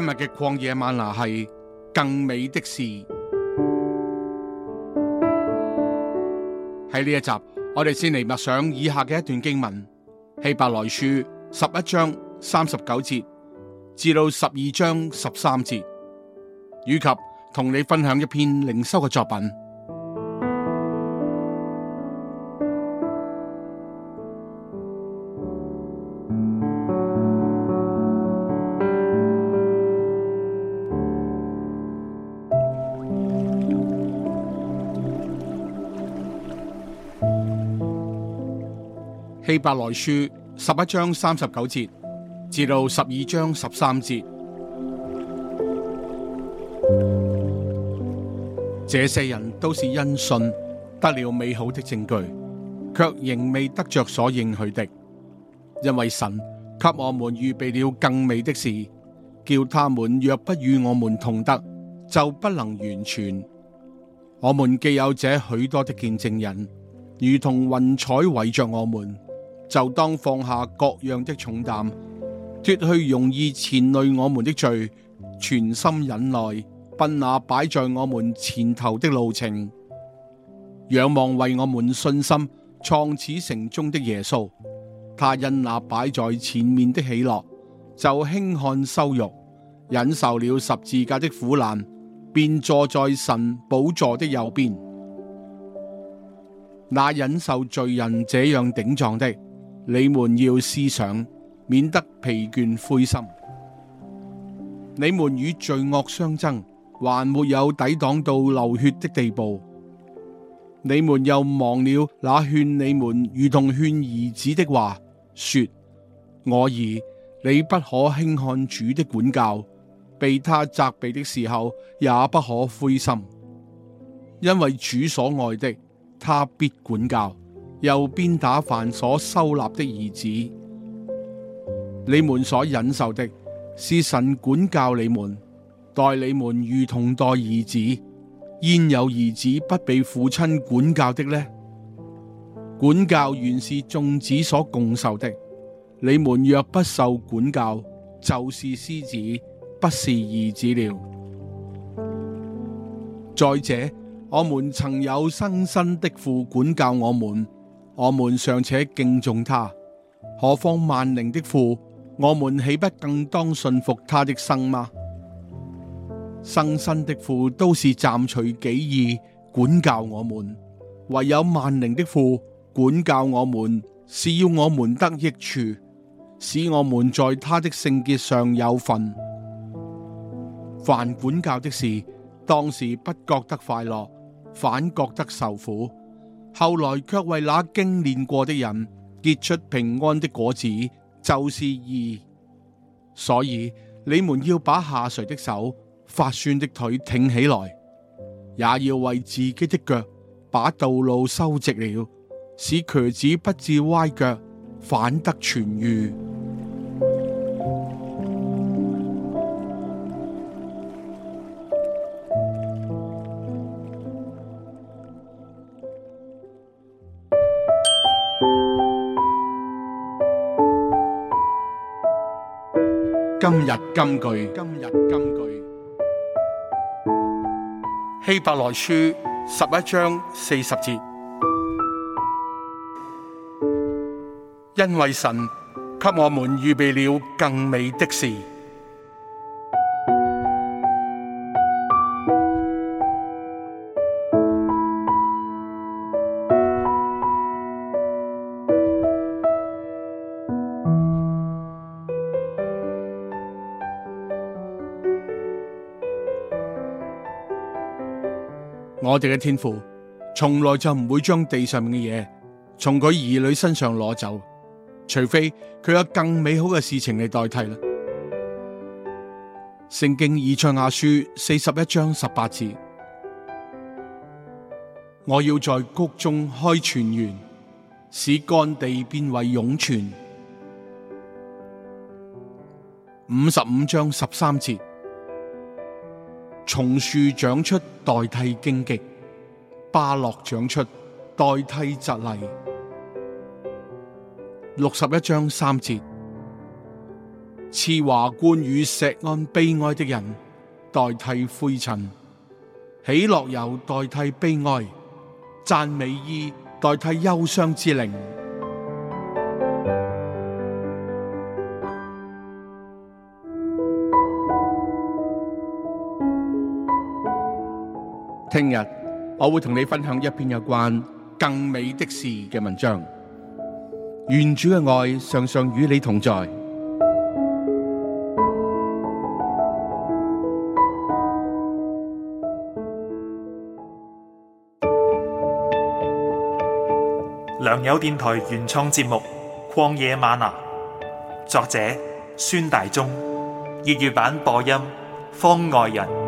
今日嘅曠野嗎哪係更美的事。喺呢一集，我哋先嚟默想以下嘅一段經文：希伯來書十一章三十九節至到十二章十三節，以及同你分享一篇靈修嘅作品。希伯來書十一章三十九節至到十二章十三節，這些人都是因信得了美好的證據，却仍未得着所應許的，因為神給我們預備了更美的事，叫他們若不與我們同得，就不能完全。我們既有這許多的見證人，如同雲彩圍着我們。就當放下各樣的重擔，脫去容易纏累我們的罪，全心忍耐，奔那擺在我們前頭的路程。仰望為我們信心創始成終的耶穌，他因那擺在前面的喜樂，就輕看羞辱，忍受了十字架的苦難，便坐在神寶座的右邊。那忍受罪人這樣頂撞的。你們要思想，免得疲倦灰心。你們與罪惡相爭，還沒有抵擋到流血的地步。你們又忘了那勸你們如同勸兒子的話，說：我兒，你不可輕看主的管教，被他責備的時候，也不可灰心，因為主所愛的，他必管教。又鞭打凡所收納的兒子，你們所忍受的，是神管教你們，待你們如同待兒子。焉有兒子不被父親管教的呢？管教原是眾子所共受的。你們若不受管教，就是私子，不是兒子了。再者，我們曾有生身的父管教我們。我們尚且敬重他，何況萬靈的父？我們豈不更當信服他的生嗎？生身的父都是暫隨己意管教我們，唯有萬靈的父管教我們，是要我們得益處，使我們在他的聖潔上有份。凡管教的事，當時不覺得快樂，反覺得受苦。後來卻為那經練過的人結出平安的果子，就是義。所以你們要把下垂的手、發酸的腿挺起來，也要為自己的腳把道路修直了，使瘸子不至歪腳，反得痊愈。今日金句，今日金句，希伯來書十一章四十節，因為神給我們預備了更美的事。我哋嘅天父從來就唔會將地上面嘅嘢從佢兒女身上攞走，除非佢有更美好嘅事情嚟代替啦。《聖經》以賽亞書四十一章十八節：我要在谷中開泉源，使乾地變為湧泉。五十五章十三節。松樹長出代替荊棘，巴洛長出代替蒺藜。六十一章三節，賜華冠與錫安悲哀的人代替灰塵，喜樂油代替悲哀，讚美衣代替憂傷之靈。聽日我會同你分享一篇有關更美的事嘅文章。願主嘅愛常常與你同在。良友電台原創節目《曠野嗎哪》，作者孫大中，粵語版播音方外人。